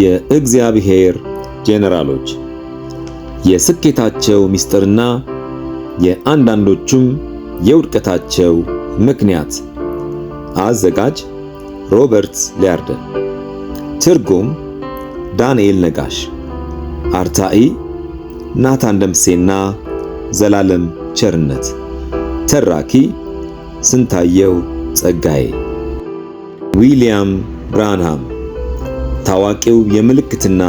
የእግዚአብሔር ጄኔራሎች የስኬታቸው ምስጢርና የአንዳንዶቹም የውድቀታቸው ምክንያት አዘጋጅ ሮበርት ሊያርደን ትርጉም ዳንኤል ነጋሽ አርታኢ ናታን ደምሴና ዘላለም ቸርነት ተራኪ ስንታየው ጸጋዬ ዊሊያም ብራንሃም ታዋቂው የምልክትና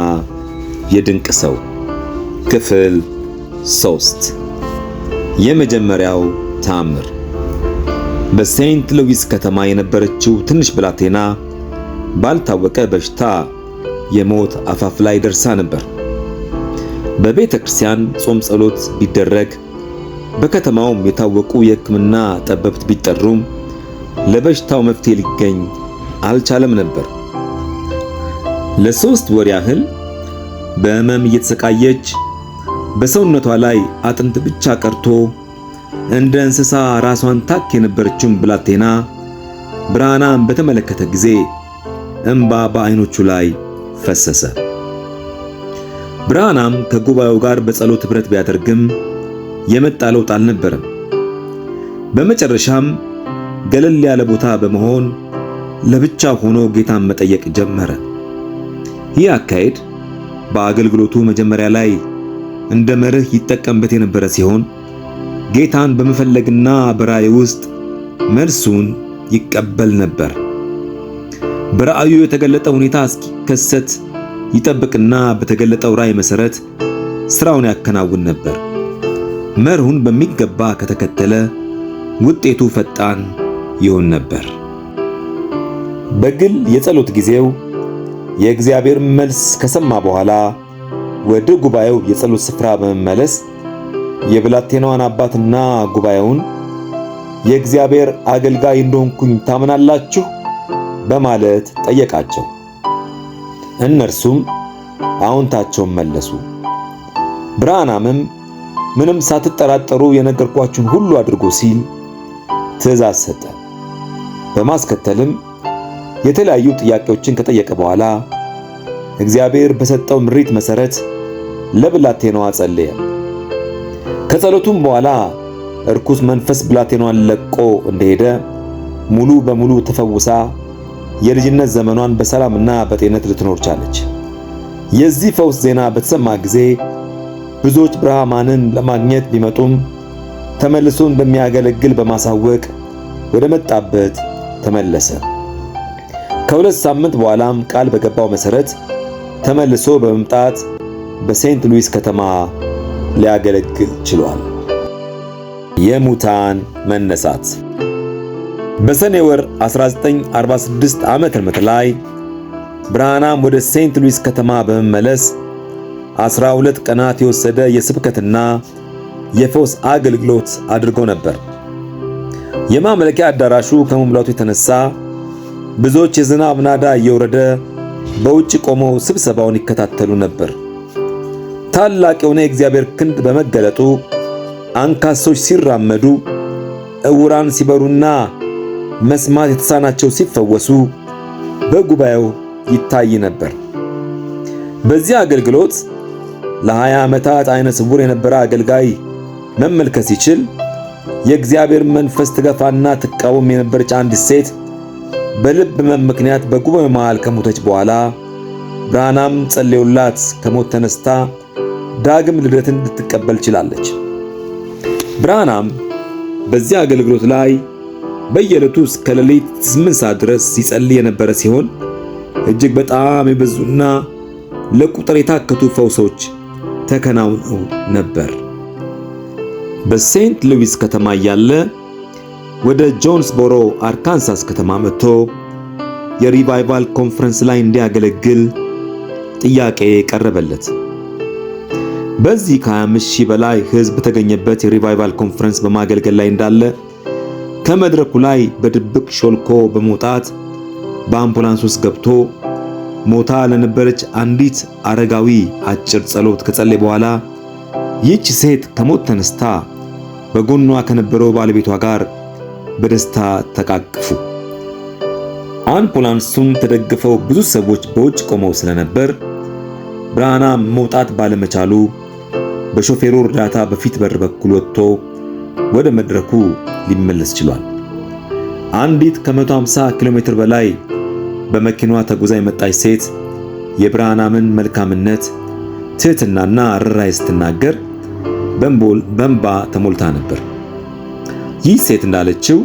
የድንቅ ሰው ክፍል ሶስት የመጀመሪያው ታምር። በሴንት ሉዊስ ከተማ የነበረችው ትንሽ ብላቴና ባልታወቀ በሽታ የሞት አፋፍ ላይ ደርሳ ነበር። በቤተ ክርስቲያን ጾም ጸሎት ቢደረግ በከተማውም የታወቁ የሕክምና ጠበብት ቢጠሩም ለበሽታው መፍትሄ ሊገኝ አልቻለም ነበር። ለሶስት ወር ያህል በህመም እየተሰቃየች በሰውነቷ ላይ አጥንት ብቻ ቀርቶ እንደ እንስሳ ራሷን ታክ የነበረችውን ብላቴና ብርሃናን በተመለከተ ጊዜ እንባ በአይኖቹ ላይ ፈሰሰ። ብርሃናም ከጉባኤው ጋር በጸሎት ኅብረት ቢያደርግም የመጣ ለውጥ አልነበረም። በመጨረሻም ገለል ያለ ቦታ በመሆን ለብቻ ሆኖ ጌታን መጠየቅ ጀመረ። ይህ አካሄድ በአገልግሎቱ መጀመሪያ ላይ እንደ መርህ ይጠቀምበት የነበረ ሲሆን ጌታን በመፈለግና በራእይ ውስጥ መልሱን ይቀበል ነበር። በራእዩ የተገለጠ ሁኔታ እስኪከሰት ይጠብቅና በተገለጠው ራእይ መሰረት ስራውን ያከናውን ነበር። መርሁን በሚገባ ከተከተለ ውጤቱ ፈጣን ይሆን ነበር። በግል የጸሎት ጊዜው የእግዚአብሔር መልስ ከሰማ በኋላ ወደ ጉባኤው የጸሎት ስፍራ በመመለስ የብላቴናዋን አባትና ጉባኤውን የእግዚአብሔር አገልጋይ እንደሆንኩኝ ታምናላችሁ በማለት ጠየቃቸው። እነርሱም አዎንታቸውን መለሱ። ብርሃናምም ምንም ሳትጠራጠሩ የነገርኳችሁን ሁሉ አድርጎ ሲል ትእዛዝ ሰጠ። በማስከተልም የተለያዩ ጥያቄዎችን ከጠየቀ በኋላ እግዚአብሔር በሰጠው ምሪት መሰረት ለብላቴናዋ ጸለየ። ከጸሎቱም በኋላ እርኩስ መንፈስ ብላቴናዋን ለቆ እንደሄደ ሙሉ በሙሉ ተፈውሳ የልጅነት ዘመኗን በሰላምና በጤነት ልትኖር ቻለች። የዚህ ፈውስ ዜና በተሰማ ጊዜ ብዙዎች ብርሃማንን ለማግኘት ቢመጡም ተመልሶ እንደሚያገለግል በማሳወቅ ወደ መጣበት ተመለሰ። ከሁለት ሳምንት በኋላም ቃል በገባው መሰረት። ተመልሶ በመምጣት በሴንት ሉዊስ ከተማ ሊያገለግል ችሏል። የሙታን መነሳት በሰኔ ወር 1946 ዓመተ ምህረት ላይ ብርሃናም ወደ ሴንት ሉዊስ ከተማ በመመለስ 12 ቀናት የወሰደ የስብከትና የፈውስ አገልግሎት አድርጎ ነበር። የማምለኪያ አዳራሹ ከመሙላቱ የተነሳ ብዙዎች የዝናብ ናዳ እየወረደ በውጭ ቆመው ስብሰባውን ይከታተሉ ነበር። ታላቅ የሆነ የእግዚአብሔር ክንድ በመገለጡ አንካሶች ሲራመዱ፣ እውራን ሲበሩና መስማት የተሳናቸው ሲፈወሱ በጉባኤው ይታይ ነበር። በዚህ አገልግሎት ለ20 ዓመታት አይነ ስውር የነበረ አገልጋይ መመልከት ሲችል የእግዚአብሔር መንፈስ ትገፋና ትቃወም የነበረች አንዲት ሴት በልብ ሕመም ምክንያት በጉባኤ መሃል ከሞተች በኋላ ብራናም ጸልዩላት ከሞት ተነስታ ዳግም ልደትን ልትቀበል ችላለች። ብራናም በዚህ አገልግሎት ላይ በየዕለቱ እስከ ሌሊት 8 ሰዓት ድረስ ሲጸልይ የነበረ ሲሆን እጅግ በጣም የበዙና ለቁጥር የታከቱ ፈውሶች ተከናውነው ነበር። በሴንት ሉዊስ ከተማ እያለ ወደ ጆንስቦሮ አርካንሳስ ከተማ መጥቶ የሪቫይቫል ኮንፈረንስ ላይ እንዲያገለግል ጥያቄ ቀረበለት። በዚህ ከ25 ሺህ በላይ ሕዝብ ተገኘበት የሪቫይቫል ኮንፈረንስ በማገልገል ላይ እንዳለ ከመድረኩ ላይ በድብቅ ሾልኮ በመውጣት በአምቡላንስ ውስጥ ገብቶ ሞታ ለነበረች አንዲት አረጋዊ አጭር ጸሎት ከጸለይ በኋላ ይህች ሴት ከሞት ተነስታ በጎኗ ከነበረው ባለቤቷ ጋር በደስታ ተቃቅፉ። አምቡላንሱን ተደግፈው ብዙ ሰዎች በውጭ ቆመው ስለነበር ብራና መውጣት ባለመቻሉ በሾፌሩ እርዳታ በፊት በር በኩል ወጥቶ ወደ መድረኩ ሊመለስ ችሏል። አንዲት ከ150 ኪሎ ሜትር በላይ በመኪናዋ ተጉዛ የመጣች ሴት የብርሃናምን መልካምነት፣ ትህትናና ርራይ ስትናገር በእንባ ተሞልታ ነበር። ይህ ሴት እንዳለችው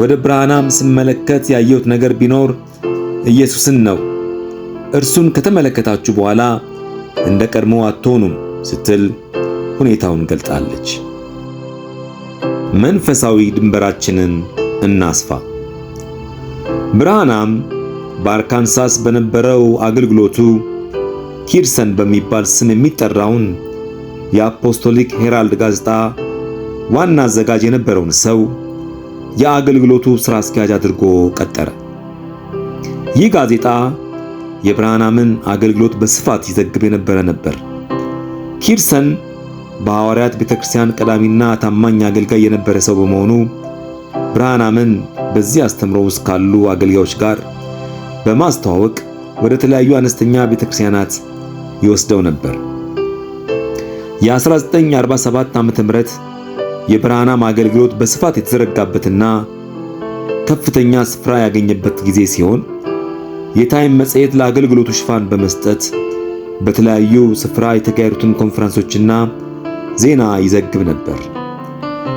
ወደ ብርሃናም ስመለከት ያየሁት ነገር ቢኖር ኢየሱስን ነው። እርሱን ከተመለከታችሁ በኋላ እንደ ቀድሞ አትሆኑም ስትል ሁኔታውን ገልጣለች። መንፈሳዊ ድንበራችንን እናስፋ። ብርሃናም በአርካንሳስ በነበረው አገልግሎቱ ኪርሰን በሚባል ስም የሚጠራውን የአፖስቶሊክ ሄራልድ ጋዜጣ ዋና አዘጋጅ የነበረውን ሰው የአገልግሎቱ ስራ አስኪያጅ አድርጎ ቀጠረ። ይህ ጋዜጣ የብርሃናምን አገልግሎት በስፋት ይዘግብ የነበረ ነበር። ኪርሰን በሐዋርያት ቤተክርስቲያን ቀዳሚና ታማኝ አገልጋይ የነበረ ሰው በመሆኑ ብርሃናምን በዚህ አስተምሮ ውስጥ ካሉ አገልጋዮች ጋር በማስተዋወቅ ወደ ተለያዩ አነስተኛ ቤተክርስቲያናት ይወስደው ነበር። የ1947 ዓ.ም የብርሃናም አገልግሎት በስፋት የተዘረጋበትና ከፍተኛ ስፍራ ያገኘበት ጊዜ ሲሆን የታይም መጽሔት ለአገልግሎቱ ሽፋን በመስጠት በተለያዩ ስፍራ የተካሄዱትን ኮንፈረንሶችና ዜና ይዘግብ ነበር።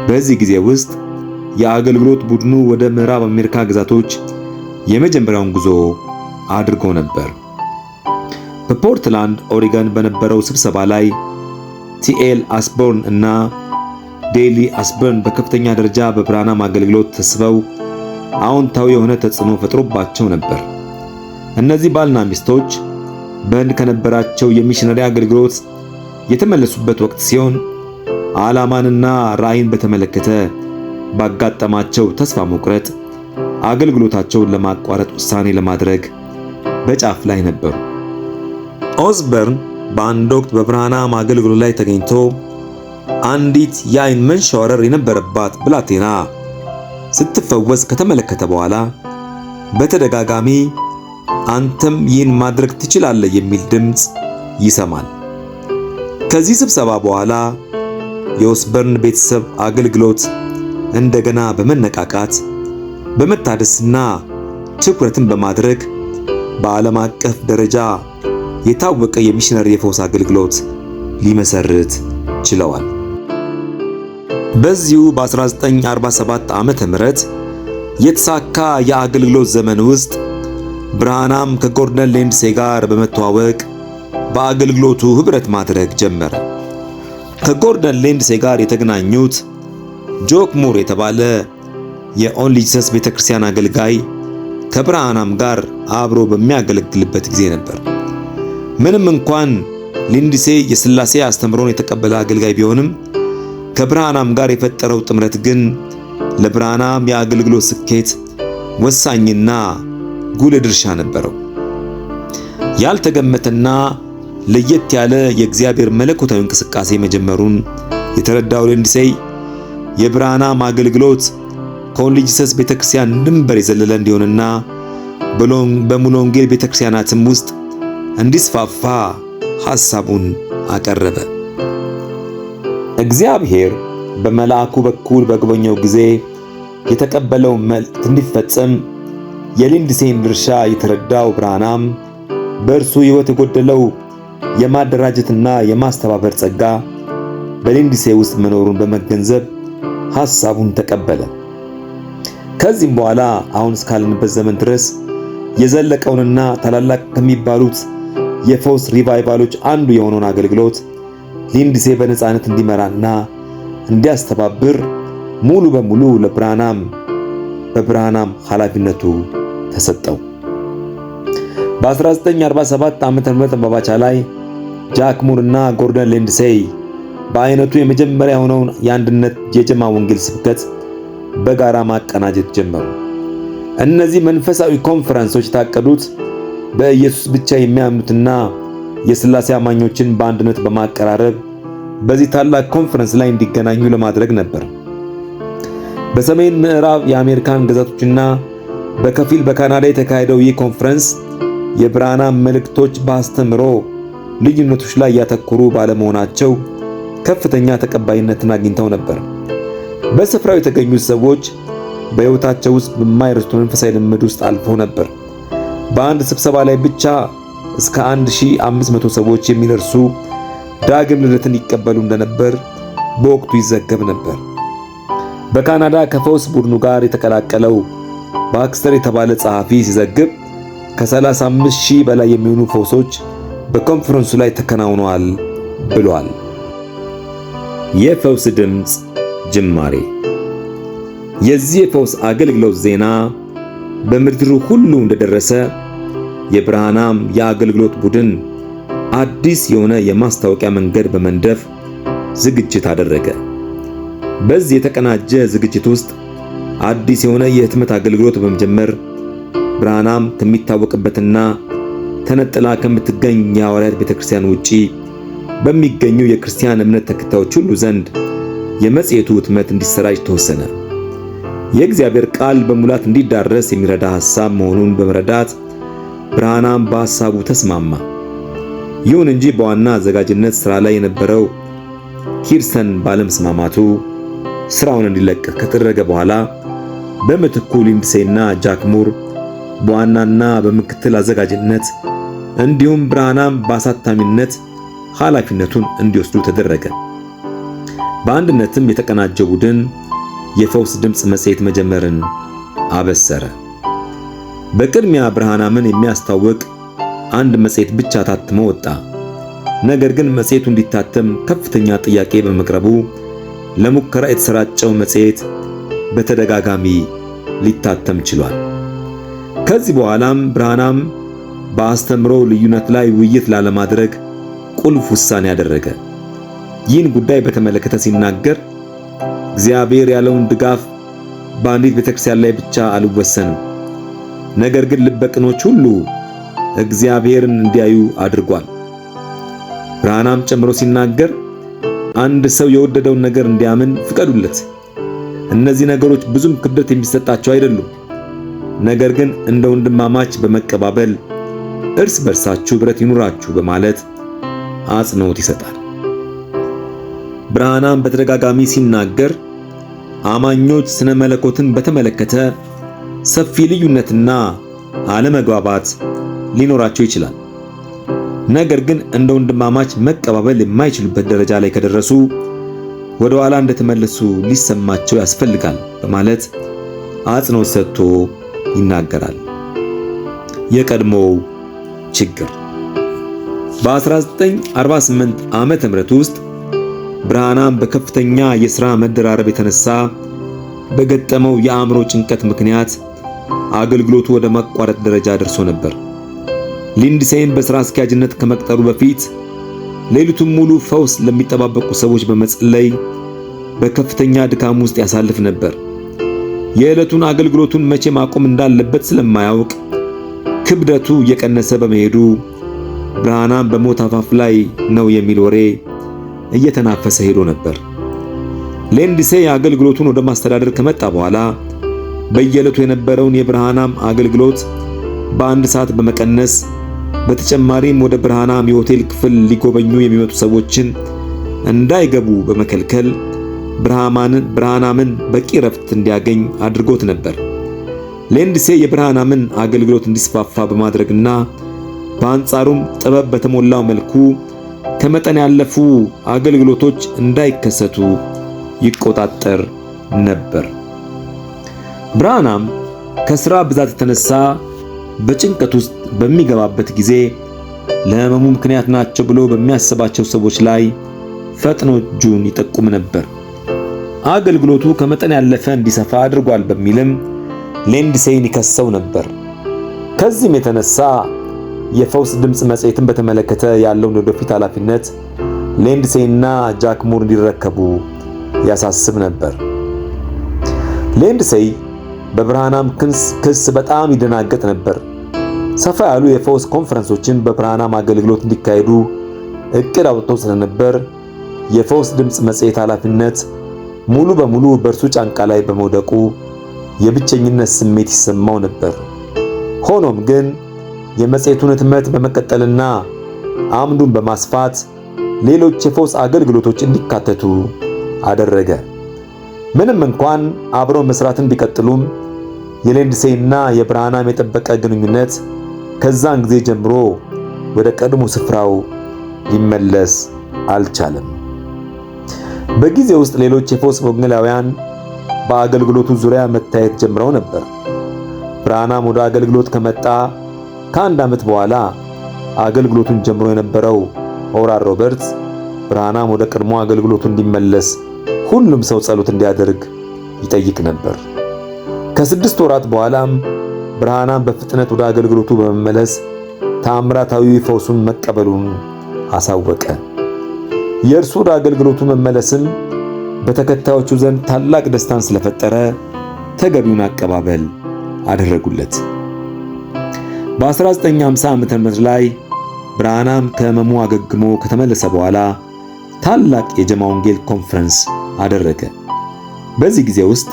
በዚህ ጊዜ ውስጥ የአገልግሎት ቡድኑ ወደ ምዕራብ አሜሪካ ግዛቶች የመጀመሪያውን ጉዞ አድርጎ ነበር። በፖርትላንድ ኦሪገን በነበረው ስብሰባ ላይ ቲኤል አስቦርን እና ዴሊ አስበርን በከፍተኛ ደረጃ በብራናም አገልግሎት ተስበው አዎንታዊ የሆነ ተጽዕኖ ፈጥሮባቸው ነበር። እነዚህ ባልና ሚስቶች በህንድ ከነበራቸው የሚሽነሪ አገልግሎት የተመለሱበት ወቅት ሲሆን ዓላማንና ራዕይን በተመለከተ ባጋጠማቸው ተስፋ መቁረጥ አገልግሎታቸውን ለማቋረጥ ውሳኔ ለማድረግ በጫፍ ላይ ነበሩ። ኦዝበርን በአንድ ወቅት በብራናም አገልግሎት ላይ ተገኝቶ አንዲት የአይን መንሸዋረር የነበረባት ብላቴና ስትፈወስ ከተመለከተ በኋላ በተደጋጋሚ አንተም ይህን ማድረግ ትችላለህ የሚል ድምፅ ይሰማል። ከዚህ ስብሰባ በኋላ የኦስበርን ቤተሰብ አገልግሎት እንደገና በመነቃቃት በመታደስና ትኩረትን በማድረግ በዓለም አቀፍ ደረጃ የታወቀ የሚሽነሪ የፈውስ አገልግሎት ሊመሰርት ችለዋል። በዚሁ በ1947 ዓመተ ምህረት የተሳካ የአገልግሎት ዘመን ውስጥ ብርሃናም ከጎርደን ሌንድሴ ጋር በመተዋወቅ በአገልግሎቱ ኅብረት ማድረግ ጀመረ። ከጎርደን ሌንድሴ ጋር የተገናኙት ጆክ ሙር የተባለ የኦንሊ ጂሰስ ቤተክርስቲያን አገልጋይ ከብርሃናም ጋር አብሮ በሚያገለግልበት ጊዜ ነበር። ምንም እንኳን ሌንድሴ የሥላሴ አስተምሮን የተቀበለ አገልጋይ ቢሆንም ከብርሃናም ጋር የፈጠረው ጥምረት ግን ለብርሃናም የአገልግሎት ስኬት ወሳኝና ጉልህ ድርሻ ነበረው። ያልተገመተና ለየት ያለ የእግዚአብሔር መለኮታዊ እንቅስቃሴ መጀመሩን የተረዳው ሌንድሴይ የብርሃናም አገልግሎት ከወንልድ ቤተክርስቲያን ድንበር የዘለለ እንዲሆንና በሙሎንጌል ቤተክርስቲያናትም ውስጥ እንዲስፋፋ ሐሳቡን አቀረበ። እግዚአብሔር በመልአኩ በኩል በጎበኘው ጊዜ የተቀበለው መልእክት እንዲፈጸም የሊንድሴን ድርሻ የተረዳው ብርሃናም በእርሱ ሕይወት የጎደለው የማደራጀትና የማስተባበር ጸጋ በሊንድሴ ውስጥ መኖሩን በመገንዘብ ሐሳቡን ተቀበለ። ከዚህም በኋላ አሁን እስካለንበት ዘመን ድረስ የዘለቀውንና ታላላቅ ከሚባሉት የፈውስ ሪቫይቫሎች አንዱ የሆነውን አገልግሎት ይህን ጊዜ በነፃነት እንዲመራና እንዲያስተባብር ሙሉ በሙሉ ለብርሃናም በብርሃናም ኃላፊነቱ ተሰጠው። በ1947 ዓ.ም በባቻ ላይ ጃክ ሙር እና ጎርደን ሌንድሴይ በአይነቱ የመጀመሪያ የሆነውን የአንድነት የጀማ ወንጌል ስብከት በጋራ ማቀናጀት ጀመሩ። እነዚህ መንፈሳዊ ኮንፈረንሶች የታቀዱት በኢየሱስ ብቻ የሚያምኑትና የሥላሴ አማኞችን በአንድነት በማቀራረብ በዚህ ታላቅ ኮንፈረንስ ላይ እንዲገናኙ ለማድረግ ነበር። በሰሜን ምዕራብ የአሜሪካን ግዛቶችና በከፊል በካናዳ የተካሄደው ይህ ኮንፈረንስ የብራና መልእክቶች በአስተምሮ ልዩነቶች ላይ ያተኮሩ ባለመሆናቸው ከፍተኛ ተቀባይነትን አግኝተው ነበር። በስፍራው የተገኙት ሰዎች በሕይወታቸው ውስጥ በማይረስቱ መንፈሳዊ ልምድ ውስጥ አልፈው ነበር። በአንድ ስብሰባ ላይ ብቻ እስከ 1500 ሰዎች የሚደርሱ ዳግም ልደትን ይቀበሉ እንደነበር በወቅቱ ይዘገብ ነበር። በካናዳ ከፈውስ ቡድኑ ጋር የተቀላቀለው ባክስተር የተባለ ጸሐፊ ሲዘግብ ከ35 ሺህ በላይ የሚሆኑ ፈውሶች በኮንፈረንሱ ላይ ተከናውነዋል ብሏል። የፈውስ ድምፅ ጅማሬ የዚህ የፈውስ አገልግሎት ዜና በምድሩ ሁሉ እንደደረሰ የብርሃናም የአገልግሎት ቡድን አዲስ የሆነ የማስታወቂያ መንገድ በመንደፍ ዝግጅት አደረገ። በዚህ የተቀናጀ ዝግጅት ውስጥ አዲስ የሆነ የህትመት አገልግሎት በመጀመር ብርሃናም ከሚታወቅበትና ተነጥላ ከምትገኝ የሐዋርያት ቤተክርስቲያን ውጪ በሚገኙ የክርስቲያን እምነት ተከታዮች ሁሉ ዘንድ የመጽሔቱ ህትመት እንዲሰራጭ ተወሰነ። የእግዚአብሔር ቃል በሙላት እንዲዳረስ የሚረዳ ሐሳብ መሆኑን በመረዳት ብርሃናም በሐሳቡ ተስማማ። ይሁን እንጂ በዋና አዘጋጅነት ስራ ላይ የነበረው ኪርሰን ባለመስማማቱ ስራውን እንዲለቅ ከተደረገ በኋላ በምትኩ ሊንድሴና ጃክ ሙር በዋናና በምክትል አዘጋጅነት እንዲሁም ብርሃናም በአሳታሚነት ኃላፊነቱን እንዲወስዱ ተደረገ። በአንድነትም የተቀናጀ ቡድን የፈውስ ድምፅ መጽሔት መጀመርን አበሰረ። በቅድሚያ ብርሃናምን የሚያስታውቅ አንድ መጽሔት ብቻ ታትሞ ወጣ። ነገር ግን መጽሔቱ እንዲታተም ከፍተኛ ጥያቄ በመቅረቡ ለሙከራ የተሰራጨው መጽሔት በተደጋጋሚ ሊታተም ችሏል። ከዚህ በኋላም ብርሃናም በአስተምሮ ልዩነት ላይ ውይይት ላለማድረግ ቁልፍ ውሳኔ ያደረገ። ይህን ጉዳይ በተመለከተ ሲናገር እግዚአብሔር ያለውን ድጋፍ በአንዲት ቤተክርስቲያን ላይ ብቻ አልወሰንም፣ ነገር ግን ልበቅኖች ሁሉ እግዚአብሔርን እንዲያዩ አድርጓል። ብርሃናም ጨምሮ ሲናገር አንድ ሰው የወደደውን ነገር እንዲያምን ፍቀዱለት። እነዚህ ነገሮች ብዙም ክብደት የሚሰጣቸው አይደሉም። ነገር ግን እንደ ወንድማማች በመቀባበል እርስ በርሳችሁ ብረት ይኑራችሁ በማለት አጽንኦት ይሰጣል። ብርሃናም በተደጋጋሚ ሲናገር አማኞች ስነ መለኮትን በተመለከተ ሰፊ ልዩነትና አለመግባባት ሊኖራቸው ይችላል። ነገር ግን እንደ ወንድማማች መቀባበል የማይችሉበት ደረጃ ላይ ከደረሱ ወደ ኋላ እንደተመለሱ ሊሰማቸው ያስፈልጋል በማለት አጽንኦት ሰጥቶ ይናገራል። የቀድሞው ችግር በ1948 ዓመተ ምህረት ውስጥ ብርሃናም በከፍተኛ የሥራ መደራረብ የተነሳ በገጠመው የአእምሮ ጭንቀት ምክንያት አገልግሎቱ ወደ መቋረጥ ደረጃ ደርሶ ነበር። ሊንድሴይን በሥራ አስኪያጅነት ከመቅጠሩ በፊት ሌሊቱን ሙሉ ፈውስ ለሚጠባበቁ ሰዎች በመጸለይ በከፍተኛ ድካም ውስጥ ያሳልፍ ነበር። የዕለቱን አገልግሎቱን መቼ ማቆም እንዳለበት ስለማያውቅ ክብደቱ እየቀነሰ በመሄዱ ብርሃናም በሞት አፋፍ ላይ ነው የሚል ወሬ እየተናፈሰ ሄዶ ነበር። ሌንድሴይ አገልግሎቱን ወደ ማስተዳደር ከመጣ በኋላ በየዕለቱ የነበረውን የብርሃናም አገልግሎት በአንድ ሰዓት በመቀነስ በተጨማሪም ወደ ብርሃናም የሆቴል ክፍል ሊጎበኙ የሚመጡ ሰዎችን እንዳይገቡ በመከልከል ብርሃናምን በቂ ረፍት እንዲያገኝ አድርጎት ነበር። ሌንድሴ የብርሃናምን አገልግሎት እንዲስፋፋ በማድረግና በአንጻሩም ጥበብ በተሞላው መልኩ ከመጠን ያለፉ አገልግሎቶች እንዳይከሰቱ ይቆጣጠር ነበር። ብርሃናም ከሥራ ብዛት የተነሳ በጭንቀት ውስጥ በሚገባበት ጊዜ ለህመሙ ምክንያት ናቸው ብሎ በሚያስባቸው ሰዎች ላይ ፈጥኖ እጁን ይጠቁም ነበር። አገልግሎቱ ከመጠን ያለፈ እንዲሰፋ አድርጓል በሚልም ሌንድሴይን ይከሰው ነበር። ከዚህም የተነሳ የፈውስ ድምፅ መጽሔትን በተመለከተ ያለውን ወደፊት ኃላፊነት ሌንድሴይና ጃክ ሙር እንዲረከቡ ያሳስብ ነበር። ሌንድሴይ በብርሃናም ክስ በጣም ይደናገጥ ነበር። ሰፋ ያሉ የፈውስ ኮንፈረንሶችን በፕራናም አገልግሎት እንዲካሄዱ እቅድ አውጥተው ስለነበር የፈውስ ድምፅ መጽሔት ኃላፊነት ሙሉ በሙሉ በእርሱ ጫንቃ ላይ በመውደቁ የብቸኝነት ስሜት ይሰማው ነበር። ሆኖም ግን የመጽሔቱን ህትመት በመቀጠልና አምዱን በማስፋት ሌሎች የፈውስ አገልግሎቶች እንዲካተቱ አደረገ። ምንም እንኳን አብረው መስራትን ቢቀጥሉም የሌንድሴይና የብርሃናም የጠበቀ ግንኙነት ከዛን ጊዜ ጀምሮ ወደ ቀድሞ ስፍራው ሊመለስ አልቻለም። በጊዜ ውስጥ ሌሎች የፎስ ወንጌላውያን በአገልግሎቱ ዙሪያ መታየት ጀምረው ነበር። ብርሃናም ወደ አገልግሎት ከመጣ ከአንድ ዓመት በኋላ አገልግሎቱን ጀምሮ የነበረው ኦራል ሮበርትስ ብርሃናም ወደ ቀድሞ አገልግሎቱ እንዲመለስ ሁሉም ሰው ጸሎት እንዲያደርግ ይጠይቅ ነበር። ከስድስት ወራት በኋላም ብርሃናም በፍጥነት ወደ አገልግሎቱ በመመለስ ታምራታዊ ፈውሱን መቀበሉን አሳወቀ። የእርሱ ወደ አገልግሎቱ መመለስም በተከታዮቹ ዘንድ ታላቅ ደስታን ስለፈጠረ ተገቢውን አቀባበል አደረጉለት። በ1950 ዓመተ ምህረት ላይ ብርሃናም ከህመሙ አገግሞ ከተመለሰ በኋላ ታላቅ የጀማ ወንጌል ኮንፈረንስ አደረገ። በዚህ ጊዜ ውስጥ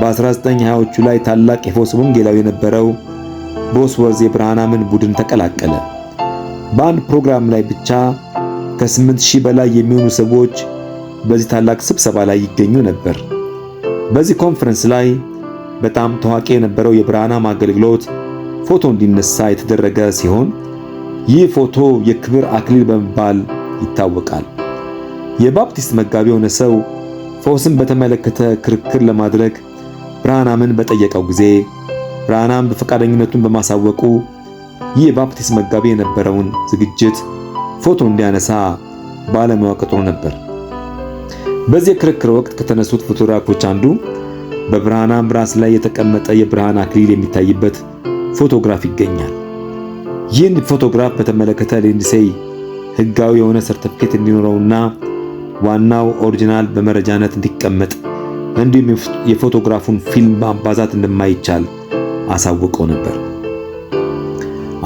በ1920ዎቹ ላይ ታላቅ የፎስ ወንጌላዊ የነበረው ቦስወርዝ የብርሃናምን ቡድን ተቀላቀለ። በአንድ ፕሮግራም ላይ ብቻ ከ8000 በላይ የሚሆኑ ሰዎች በዚህ ታላቅ ስብሰባ ላይ ይገኙ ነበር። በዚህ ኮንፈረንስ ላይ በጣም ታዋቂ የነበረው የብርሃናም አገልግሎት ፎቶ እንዲነሳ የተደረገ ሲሆን ይህ ፎቶ የክብር አክሊል በመባል ይታወቃል። የባፕቲስት መጋቢ የሆነ ሰው ፈውስን በተመለከተ ክርክር ለማድረግ ብራናምን በጠየቀው ጊዜ ብራናም በፈቃደኝነቱን በማሳወቁ ይህ የባፕቲስት መጋቢ የነበረውን ዝግጅት ፎቶ እንዲያነሳ ባለሙያ ቀጥሮ ነበር። በዚህ ክርክር ወቅት ከተነሱት ፎቶግራፎች አንዱ በብርሃናም ራስ ላይ የተቀመጠ የብርሃን አክሊል የሚታይበት ፎቶግራፍ ይገኛል። ይህን ፎቶግራፍ በተመለከተ ሌንድሴይ ህጋዊ የሆነ ሰርተፍኬት እንዲኖረውና ዋናው ኦሪጂናል በመረጃነት እንዲቀመጥ እንዲሁም የፎቶግራፉን ፊልም ማባዛት እንደማይቻል አሳውቀው ነበር።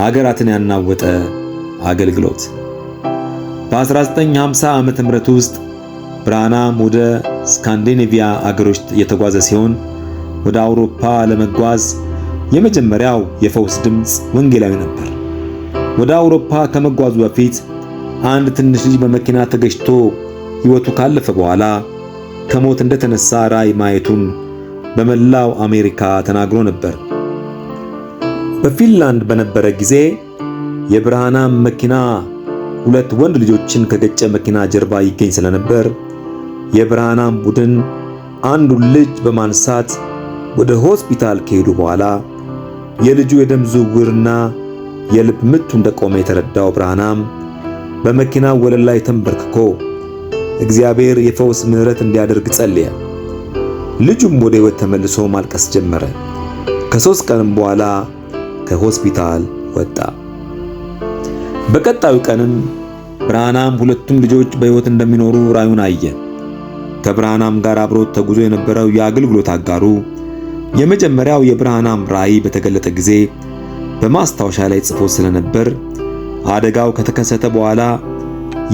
አገራትን ያናወጠ አገልግሎት በ1950 ዓመተ ምህረት ውስጥ ብርሃናም ወደ ስካንዲኔቪያ አገሮች የተጓዘ ሲሆን ወደ አውሮፓ ለመጓዝ የመጀመሪያው የፈውስ ድምፅ ወንጌላዊ ነበር። ወደ አውሮፓ ከመጓዙ በፊት አንድ ትንሽ ልጅ በመኪና ተገጭቶ ሕይወቱ ካለፈ በኋላ ከሞት እንደተነሳ ራእይ ማየቱን በመላው አሜሪካ ተናግሮ ነበር። በፊንላንድ በነበረ ጊዜ የብርሃናም መኪና ሁለት ወንድ ልጆችን ከገጨ መኪና ጀርባ ይገኝ ስለነበር የብርሃናም ቡድን አንዱን ልጅ በማንሳት ወደ ሆስፒታል ከሄዱ በኋላ የልጁ የደም ዝውውርና የልብ ምቱ እንደቆመ የተረዳው ብርሃናም በመኪናው ወለል ላይ ተንበርክኮ እግዚአብሔር የፈውስ ምሕረት እንዲያደርግ ጸለየ። ልጁም ወደ ሕይወት ተመልሶ ማልቀስ ጀመረ። ከሦስት ቀንም በኋላ ከሆስፒታል ወጣ። በቀጣዩ ቀንም ብርሃናም ሁለቱም ልጆች በሕይወት እንደሚኖሩ ራዩን አየ። ከብርሃናም ጋር አብሮት ተጉዞ የነበረው የአገልግሎት አጋሩ የመጀመሪያው የብርሃናም ራእይ በተገለጠ ጊዜ በማስታወሻ ላይ ጽፎ ስለነበር አደጋው ከተከሰተ በኋላ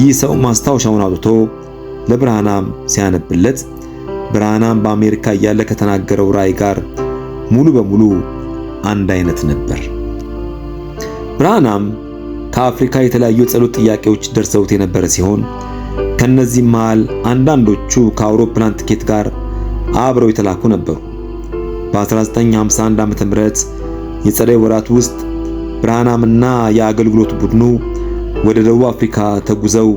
ይህ ሰው ማስታወሻውን አውጥቶ ለብርሃናም ሲያነብለት ብርሃናም በአሜሪካ እያለ ከተናገረው ራእይ ጋር ሙሉ በሙሉ አንድ አይነት ነበር። ብርሃናም ከአፍሪካ የተለያዩ የጸሎት ጥያቄዎች ደርሰውት የነበረ ሲሆን ከነዚህም መሃል አንዳንዶቹ ከአውሮፕላን ትኬት ጋር አብረው የተላኩ ነበሩ። በ1951 ዓ.ም የጸደይ ወራት ውስጥ ብርሃናምና የአገልግሎት ቡድኑ ወደ ደቡብ አፍሪካ ተጉዘው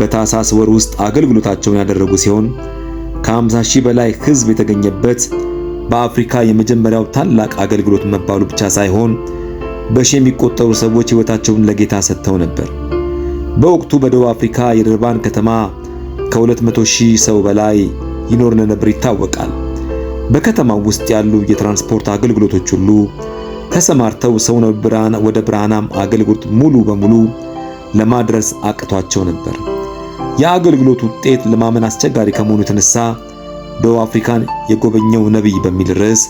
በታህሳስ ወር ውስጥ አገልግሎታቸውን ያደረጉ ሲሆን ከ50 ሺህ በላይ ህዝብ የተገኘበት በአፍሪካ የመጀመሪያው ታላቅ አገልግሎት መባሉ ብቻ ሳይሆን በሺ የሚቆጠሩ ሰዎች ሕይወታቸውን ለጌታ ሰጥተው ነበር። በወቅቱ በደቡብ አፍሪካ የደርባን ከተማ ከ200 ሺህ ሰው በላይ ይኖር ነበር ይታወቃል። በከተማው ውስጥ ያሉ የትራንስፖርት አገልግሎቶች ሁሉ ተሰማርተው ሰው ወደ ብርሃናም አገልግሎት ሙሉ በሙሉ ለማድረስ አቅቷቸው ነበር። የአገልግሎት ውጤት ለማመን አስቸጋሪ ከመሆኑ የተነሳ ደቡብ አፍሪካን የጎበኘው ነቢይ በሚል ርዕስ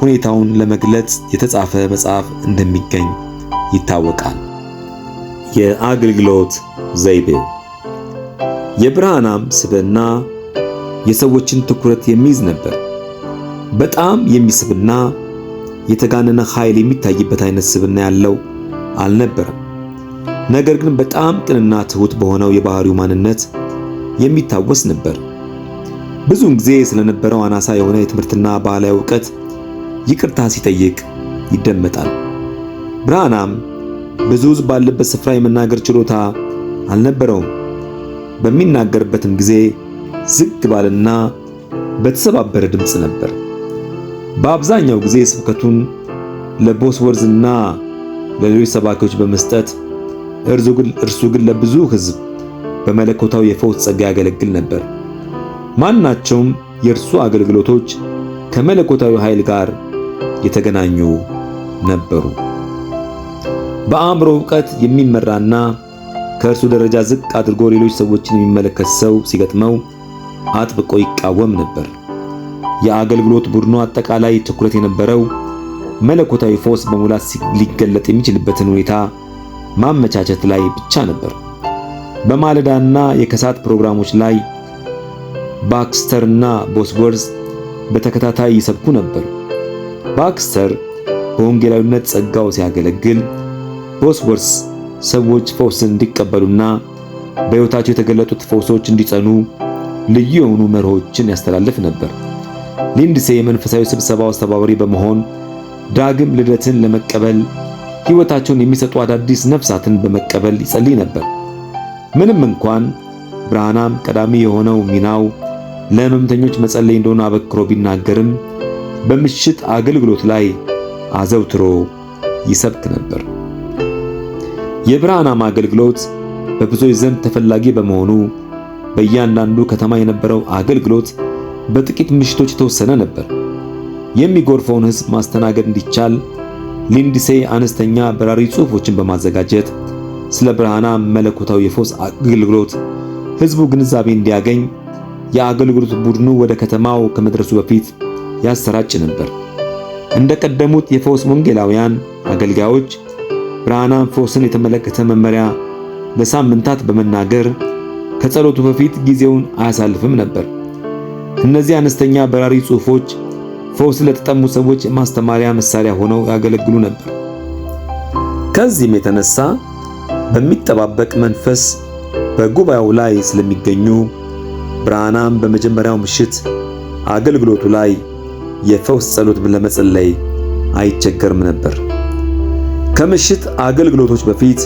ሁኔታውን ለመግለጽ የተጻፈ መጽሐፍ እንደሚገኝ ይታወቃል። የአገልግሎት ዘይቤ የብርሃናም ስብዕና የሰዎችን ትኩረት የሚይዝ ነበር። በጣም የሚስብና የተጋነነ ኃይል የሚታይበት አይነት ስብዕና ያለው አልነበረም። ነገር ግን በጣም ቅንና ትሁት በሆነው የባህሪው ማንነት የሚታወስ ነበር። ብዙውን ጊዜ ስለነበረው አናሳ የሆነ የትምህርትና ባህላዊ እውቀት ይቅርታ ሲጠይቅ ይደመጣል። ብርሃናም ብዙ ሕዝብ ባለበት ስፍራ የመናገር ችሎታ አልነበረውም። በሚናገርበትም ጊዜ ዝግ ባለና በተሰባበረ ድምፅ ነበር። በአብዛኛው ጊዜ ስብከቱን ለቦስወርዝና ለሌሎች ሰባኪዎች በመስጠት እርሱ ግን ለብዙ ሕዝብ በመለኮታዊ የፈውስ ጸጋ ያገለግል ነበር። ማናቸውም የእርሱ አገልግሎቶች ከመለኮታዊ ኃይል ጋር የተገናኙ ነበሩ። በአእምሮ ዕውቀት የሚመራና ከእርሱ ደረጃ ዝቅ አድርጎ ሌሎች ሰዎችን የሚመለከት ሰው ሲገጥመው አጥብቆ ይቃወም ነበር። የአገልግሎት ቡድኑ አጠቃላይ ትኩረት የነበረው መለኮታዊ ፈውስ በሙላት ሊገለጥ የሚችልበትን ሁኔታ ማመቻቸት ላይ ብቻ ነበር። በማለዳና የከሳት ፕሮግራሞች ላይ ባክስተርና ቦስወርዝ በተከታታይ ይሰብኩ ነበር። ባክስተር በወንጌላዊነት ጸጋው ሲያገለግል፣ ቦስወርዝ ሰዎች ፈውስን እንዲቀበሉና በሕይወታቸው የተገለጡት ፈውሶች እንዲጸኑ ልዩ የሆኑ መርሆችን ያስተላልፍ ነበር። ሊንድሴ የመንፈሳዊ ስብሰባ አስተባባሪ በመሆን ዳግም ልደትን ለመቀበል ሕይወታቸውን የሚሰጡ አዳዲስ ነፍሳትን በመቀበል ይጸልይ ነበር። ምንም እንኳን ብርሃናም ቀዳሚ የሆነው ሚናው ለሕመምተኞች መጸለይ እንደሆነ አበክሮ ቢናገርም በምሽት አገልግሎት ላይ አዘውትሮ ይሰብክ ነበር። የብርሃናም አገልግሎት በብዙዎች ዘንድ ተፈላጊ በመሆኑ በእያንዳንዱ ከተማ የነበረው አገልግሎት በጥቂት ምሽቶች የተወሰነ ነበር። የሚጎርፈውን ሕዝብ ማስተናገድ እንዲቻል ሊንድሴ አነስተኛ በራሪ ጽሑፎችን በማዘጋጀት ስለ ብርሃና መለኮታዊ የፎስ አገልግሎት ህዝቡ ግንዛቤ እንዲያገኝ የአገልግሎት ቡድኑ ወደ ከተማው ከመድረሱ በፊት ያሰራጭ ነበር። እንደቀደሙት የፎስ ወንጌላውያን አገልጋዮች ብርሃና ፎስን የተመለከተ መመሪያ ለሳምንታት በመናገር ከጸሎቱ በፊት ጊዜውን አያሳልፍም ነበር። እነዚህ አነስተኛ በራሪ ጽሑፎች ፈውስ ለተጠሙ ሰዎች ማስተማሪያ መሳሪያ ሆነው ያገለግሉ ነበር። ከዚህም የተነሳ በሚጠባበቅ መንፈስ በጉባኤው ላይ ስለሚገኙ ብርሃናም በመጀመሪያው ምሽት አገልግሎቱ ላይ የፈውስ ጸሎት ለመጸለይ አይቸገርም ነበር። ከምሽት አገልግሎቶች በፊት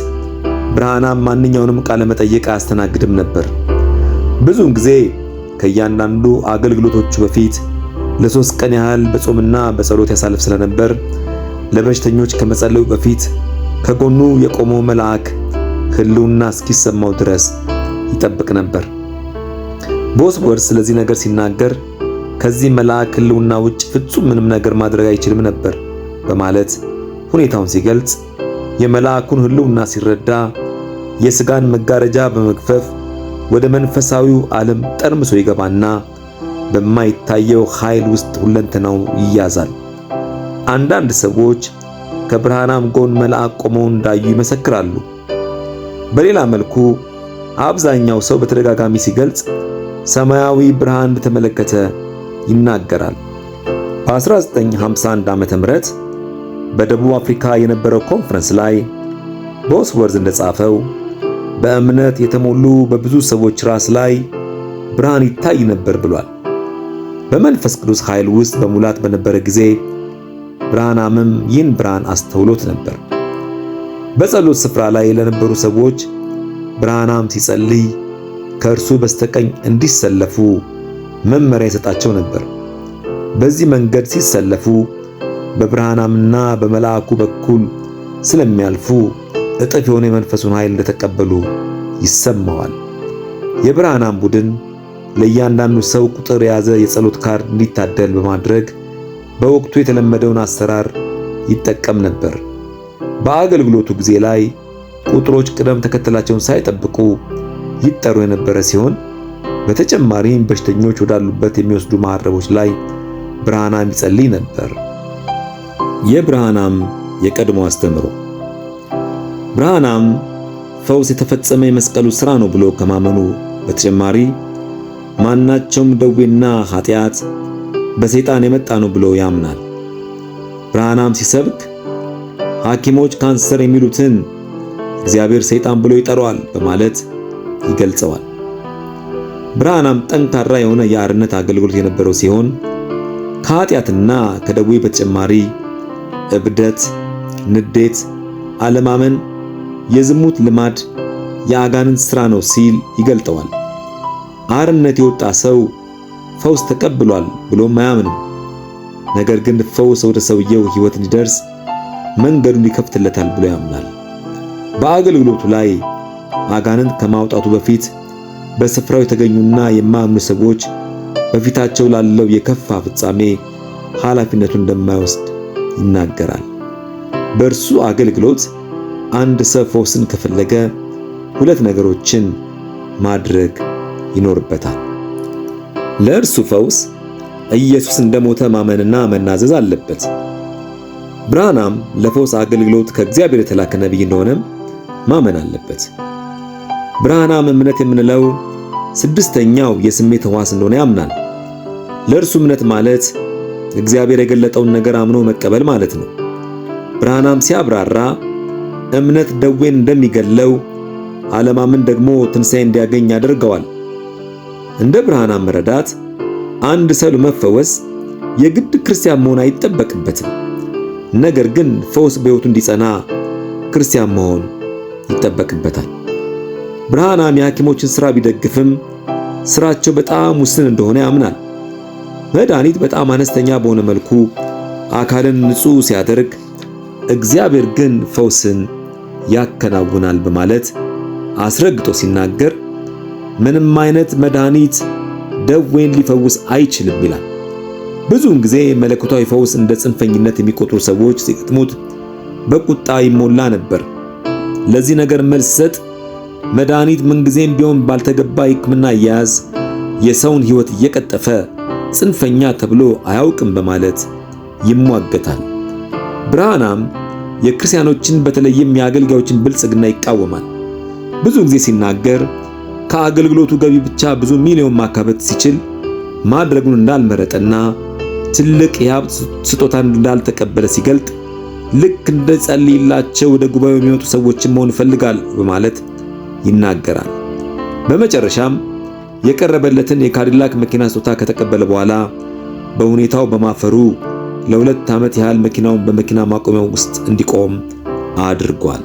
ብርሃናም ማንኛውንም ቃለ መጠይቅ አያስተናግድም ነበር። ብዙውን ጊዜ ከእያንዳንዱ አገልግሎቶቹ በፊት ለሶስት ቀን ያህል በጾምና በጸሎት ያሳልፍ ስለነበር ለበሽተኞች ከመጸለዩ በፊት ከጎኑ የቆመው መልአክ ሕልውና እስኪሰማው ድረስ ይጠብቅ ነበር። ቦስወርድ ስለዚህ ነገር ሲናገር ከዚህ መልአክ ሕልውና ውጭ ፍጹም ምንም ነገር ማድረግ አይችልም ነበር በማለት ሁኔታውን ሲገልጽ፣ የመልአኩን ሕልውና ሲረዳ የስጋን መጋረጃ በመግፈፍ ወደ መንፈሳዊው ዓለም ጠርምሶ ይገባና በማይታየው ኃይል ውስጥ ሁለንተናው ይያዛል። አንዳንድ ሰዎች ከብርሃናም ጎን መልአክ ቆመው እንዳዩ ይመሰክራሉ። በሌላ መልኩ አብዛኛው ሰው በተደጋጋሚ ሲገልጽ ሰማያዊ ብርሃን እንደተመለከተ ይናገራል። በ1951 ዓመተ ምህረት በደቡብ አፍሪካ የነበረው ኮንፈረንስ ላይ ቦስወርዝ እንደጻፈው በእምነት የተሞሉ በብዙ ሰዎች ራስ ላይ ብርሃን ይታይ ነበር ብሏል። በመንፈስ ቅዱስ ኃይል ውስጥ በሙላት በነበረ ጊዜ ብርሃናምም ይህን ብርሃን አስተውሎት ነበር። በጸሎት ስፍራ ላይ ለነበሩ ሰዎች ብርሃናም ሲጸልይ ከእርሱ በስተቀኝ እንዲሰለፉ መመሪያ ይሰጣቸው ነበር። በዚህ መንገድ ሲሰለፉ በብርሃናምና በመልአኩ በኩል ስለሚያልፉ እጥፍ የሆነ የመንፈሱን ኃይል እንደተቀበሉ ይሰማዋል። የብርሃናም ቡድን ለእያንዳንዱ ሰው ቁጥር የያዘ የጸሎት ካርድ እንዲታደል በማድረግ በወቅቱ የተለመደውን አሰራር ይጠቀም ነበር። በአገልግሎቱ ጊዜ ላይ ቁጥሮች ቅደም ተከተላቸውን ሳይጠብቁ ይጠሩ የነበረ ሲሆን በተጨማሪም በሽተኞች ወዳሉበት የሚወስዱ መሐረቦች ላይ ብርሃናም ይጸልይ ነበር። የብርሃናም የቀድሞ አስተምሮ ብርሃናም ፈውስ የተፈጸመ የመስቀሉ ሥራ ነው ብሎ ከማመኑ በተጨማሪ ማናቸውም ደዌና ኃጢአት በሰይጣን የመጣ ነው ብሎ ያምናል። ብርሃናም ሲሰብክ ሐኪሞች ካንሰር የሚሉትን እግዚአብሔር ሰይጣን ብሎ ይጠራዋል በማለት ይገልጸዋል። ብርሃናም ጠንካራ የሆነ የአርነት አገልግሎት የነበረው ሲሆን ከኃጢአትና ከደዌ በተጨማሪ እብደት፣ ንዴት፣ አለማመን፣ የዝሙት ልማድ የአጋንንት ሥራ ነው ሲል ይገልጠዋል። አርነት የወጣ ሰው ፈውስ ተቀብሏል ብሎም አያምንም። ነገር ግን ፈውስ ወደ ሰውየው ሕይወት እንዲደርስ መንገዱን ይከፍትለታል ብሎ ያምናል። በአገልግሎቱ ላይ አጋንንት ከማውጣቱ በፊት በስፍራው የተገኙና የማያምኑ ሰዎች በፊታቸው ላለው የከፋ ፍጻሜ ኃላፊነቱን እንደማይወስድ ይናገራል። በእርሱ አገልግሎት አንድ ሰው ፈውስን ከፈለገ ሁለት ነገሮችን ማድረግ ይኖርበታል። ለእርሱ ፈውስ ኢየሱስ እንደሞተ ማመንና መናዘዝ አለበት። ብርሃናም ለፈውስ አገልግሎት ከእግዚአብሔር የተላከ ነቢይ እንደሆነም ማመን አለበት። ብርሃናም እምነት የምንለው ስድስተኛው የስሜት ሕዋስ እንደሆነ ያምናል። ለእርሱ እምነት ማለት እግዚአብሔር የገለጠውን ነገር አምኖ መቀበል ማለት ነው። ብርሃናም ሲያብራራ እምነት ደዌን እንደሚገለው አለማመን ደግሞ ትንሣኤ እንዲያገኝ ያደርገዋል። እንደ ብርሃና መረዳት አንድ ሰው ለመፈወስ የግድ ክርስቲያን መሆን አይጠበቅበትም። ነገር ግን ፈውስ በሕይወቱ እንዲጸና ክርስቲያን መሆን ይጠበቅበታል። ብርሃናም የሐኪሞችን ሥራ ቢደግፍም ሥራቸው በጣም ውስን እንደሆነ ያምናል። መድኃኒት በጣም አነስተኛ በሆነ መልኩ አካልን ንጹሕ ሲያደርግ፣ እግዚአብሔር ግን ፈውስን ያከናውናል በማለት አስረግጦ ሲናገር ምንም አይነት መድኃኒት ደዌን ሊፈውስ አይችልም ይላል። ብዙውን ጊዜ መለኮታዊ ፈውስ እንደ ጽንፈኝነት የሚቆጥሩ ሰዎች ሲገጥሙት በቁጣ ይሞላ ነበር። ለዚህ ነገር መልስ ሰጥ መድኃኒት ምንጊዜም ቢሆን ባልተገባ ሕክምና አያያዝ የሰውን ሕይወት እየቀጠፈ ጽንፈኛ ተብሎ አያውቅም በማለት ይሟገታል። ብርሃናም የክርስቲያኖችን በተለይም የአገልጋዮችን ብልጽግና ይቃወማል። ብዙ ጊዜ ሲናገር ከአገልግሎቱ ገቢ ብቻ ብዙ ሚሊዮን ማካበት ሲችል ማድረጉን እንዳልመረጠና ትልቅ የሀብት ስጦታ እንዳልተቀበለ ሲገልጥ ልክ እንደ ጸልይላቸው ወደ ጉባኤው የሚመጡ ሰዎችን መሆን ይፈልጋል በማለት ይናገራል። በመጨረሻም የቀረበለትን የካዲላክ መኪና ስጦታ ከተቀበለ በኋላ በሁኔታው በማፈሩ ለሁለት ዓመት ያህል መኪናውን በመኪና ማቆሚያው ውስጥ እንዲቆም አድርጓል።